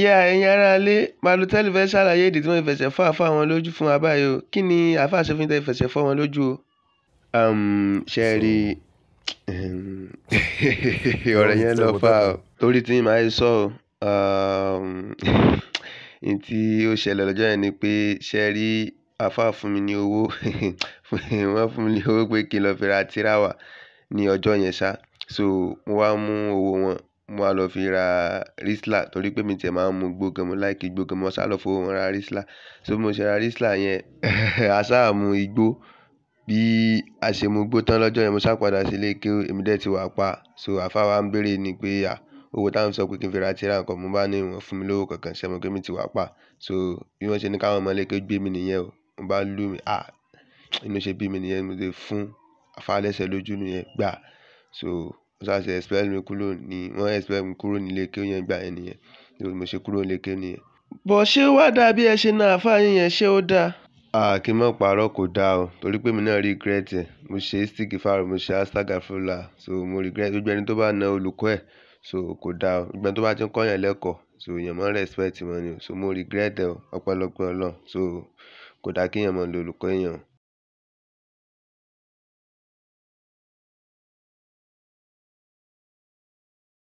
Yà ẹ̀yin aráalé, Màlúù fẹ́ ṣàlàyé ìdí tí wọ́n fi fẹsẹ̀ fọ́ àáfàá wọn lójú fún wa báyìí o. Kí ni àáfàá ṣe fún yín tẹ́ fi fẹsẹ̀ fọ́ wọn lójú o? Um, ṣe rí um, ọ̀rọ̀ yẹn lọ fà o. Torí tí màá yí sọ o. Um, n tí ó ṣẹlẹ̀ lọ́jọ́ yẹn ni pé ṣe rí àáfàá fún mi ní owó. Wọ́n fún mi ní owó pé kí n lọ fi ra tíráwà ní ọjọ́ yẹn ṣá. So mo wá mú owó wọn mo wá lọ fi ra Rizla torí pé mi tiẹ̀ máa ń mu igbó gan, mo like igbó gan, mo sá lọ fowó ra Rizla. So mo ṣe ra Rizla yẹn, a sá mu igbó. Bí a ṣe mu igbó tán lọ́jọ́ yẹn, mo sá padà sí ilé kéwú, èmi dẹ̀ ti wà pa. So àfáà wa ń béèrè ni pé, "à, owó tá ń sọ pé kí n fi ra tírà nǹkan." Mo bá ní wọ́n fún mi lówó kankan, ṣẹ̀ mọ̀ pé mi ti wà pa. So bí wọ́n ṣe ní káwọn ọmọ ilé gbé mi nìyẹn o. Wọ́n bá lù mí, à, inú ṣe bí mi nìyẹn, mo dẹ̀ fún àfáà lẹ́sẹ̀ lójú nìyẹn gbà. So. Wọ́n sá ṣe expel mi kúrò ní, wọ́n expel mi kúrò ní ilé kéwú yẹn ìgbà yẹn nìyẹn. ni mo ṣe kúrò ní ilé kéwú nìyẹn. But ṣé ó wá dà bí ẹ ṣe na àfá yín yẹn, ṣé ó dà? À kí n má parọ́ kò da o. Torí pé èmi náà regret ẹ̀. Mo ṣe istigfar, mo ṣe astagfirullah. So mo regret. Gbogbo ẹni tó bá na olùkọ́ ẹ̀, so kò da o. Gbogbo ẹni tó bá ti ń kọ́ èèyàn lẹ́kọ̀ọ́, so èèyàn máa ń respect wọn ni o. So mo regret ẹ̀ o. Ọpẹ́lọpẹ́ Ọlọ́run. So kò da kí èèyàn máa na olùkọ́ èèyàn.